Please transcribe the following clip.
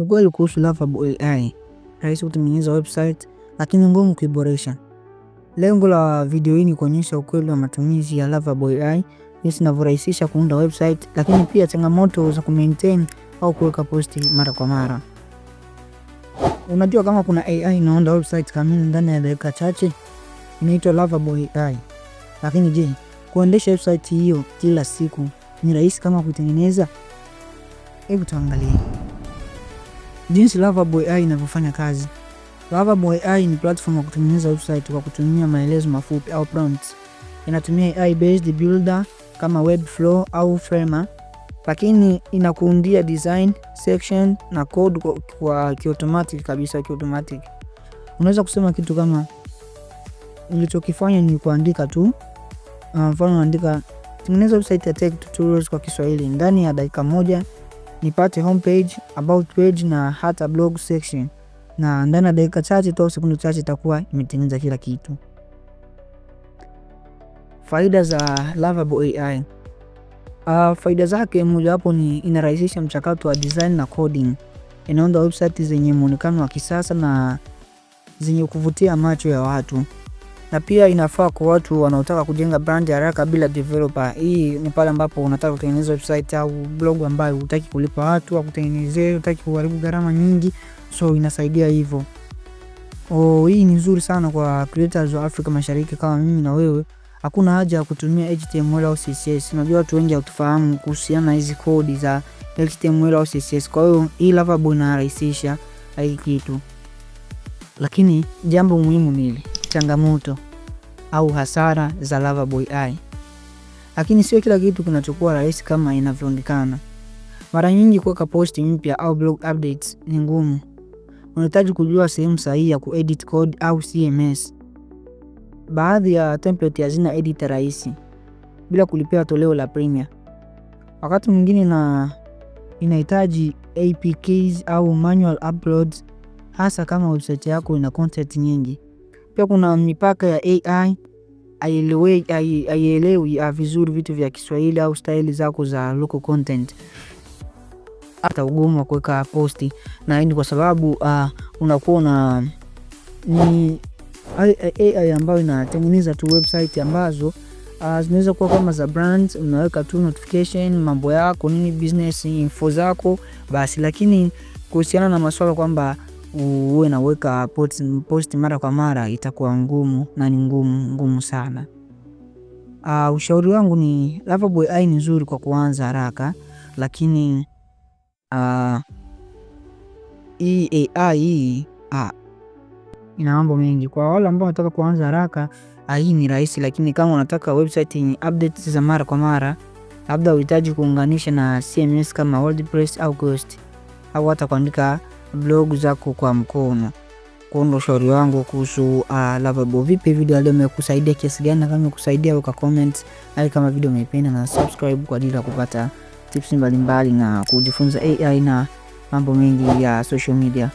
Ukweli kuhusu Lovable AI, rahisi kutengeneza website lakini ngumu kuiboresha. Lengo la video hii ni kuonyesha ukweli wa matumizi ya Lovable AI, jinsi inavyorahisisha kuunda website, lakini pia changamoto za ku maintain au kuweka posti mara kwa mara. Unajua kama kuna AI inaunda website kamili ndani ya dakika chache, inaitwa Lovable AI. Lakini je, kuendesha website hiyo kila siku ni rahisi kama kuitengeneza? Hebu tuangalie. Jinsi Lovable AI inavyofanya kazi. Lovable AI ni platform ya kutengeneza website kwa kutumia maelezo mafupi au prompts. Inatumia AI based builder kama Webflow au Framer, lakini inakuundia design, section na code kwa, kwa kiotomatic kabisa, kiotomatic. Unaweza kusema kitu kama nilichokifanya ni kuandika tu, ah, mfano uh, naandika tengeneza website ya tech tutorials kwa Kiswahili ndani ya dakika moja nipate homepage, about page na hata blog section, na ndani ya dakika chache tu au sekunde chache itakuwa imetengeneza kila kitu. Faida za Lovable AI. Uh, ah, faida zake mojawapo ni inarahisisha mchakato wa design na coding. Inaunda website zenye muonekano wa kisasa na zenye kuvutia macho ya watu na pia inafaa kwa watu wanaotaka kujenga brand haraka bila developer. Hii ni pale ambapo unataka kutengeneza website au blog ambayo hutaki kulipa watu au kutengenezea, hutaki kuharibu gharama nyingi, so inasaidia hivyo. Oh, hii ni nzuri sana kwa creators wa Afrika Mashariki kama mimi na wewe. Hakuna haja ya kutumia HTML au CSS. Unajua watu wengi hawatufahamu kuhusiana na hizi kodi za HTML au CSS. Kwa hiyo hii Lovable inarahisisha hii kitu, lakini jambo muhimu ni hili changamoto au hasara za Loverboy AI, lakini sio kila kitu kinachokuwa rahisi kama inavyoonekana. Mara nyingi kuweka posti mpya au blog updates ni ngumu. Unahitaji kujua sehemu sahihi ya kuedit code au CMS. Baadhi ya template hazina edit rahisi bila kulipia toleo la premium. Wakati mwingine na inahitaji APKs au manual uploads, hasa kama website yako ina content nyingi. Pia kuna mipaka ya AI aielewi ah, vizuri vitu vya Kiswahili au staili zako za local content, hata ugumu wa kuweka posti, na hii ni kwa sababu uh, unakuwa na ni AI ambayo inatengeneza tu website ambazo Uh, zinaweza kuwa kama za brand, unaweka tu notification mambo yako nini, business info zako basi, lakini kuhusiana na maswala kwamba uwe naweka post, post mara kwa mara itakuwa ngumu na ni ngumu ngumu sana. Uh, ushauri wangu ni Lovable AI ni nzuri kwa kuanza haraka, lakini uh, hii AI uh, ah, ina mambo mengi. Kwa wale ambao wanataka kuanza haraka hii ni rahisi, lakini kama unataka website yenye updates za mara kwa mara, labda uhitaji kuunganisha na CMS kama WordPress au Ghost au hata kuandika blog zako kwa mkono. Kondo ushauri wangu kuhusu uh, ah, Lovable. Vipi video leo imekusaidia kiasi gani? Na kama imekusaidia weka comment, hali kama video umeipenda na subscribe kwa ajili ya kupata tips mbalimbali mbali na kujifunza AI na mambo mengi ya social media.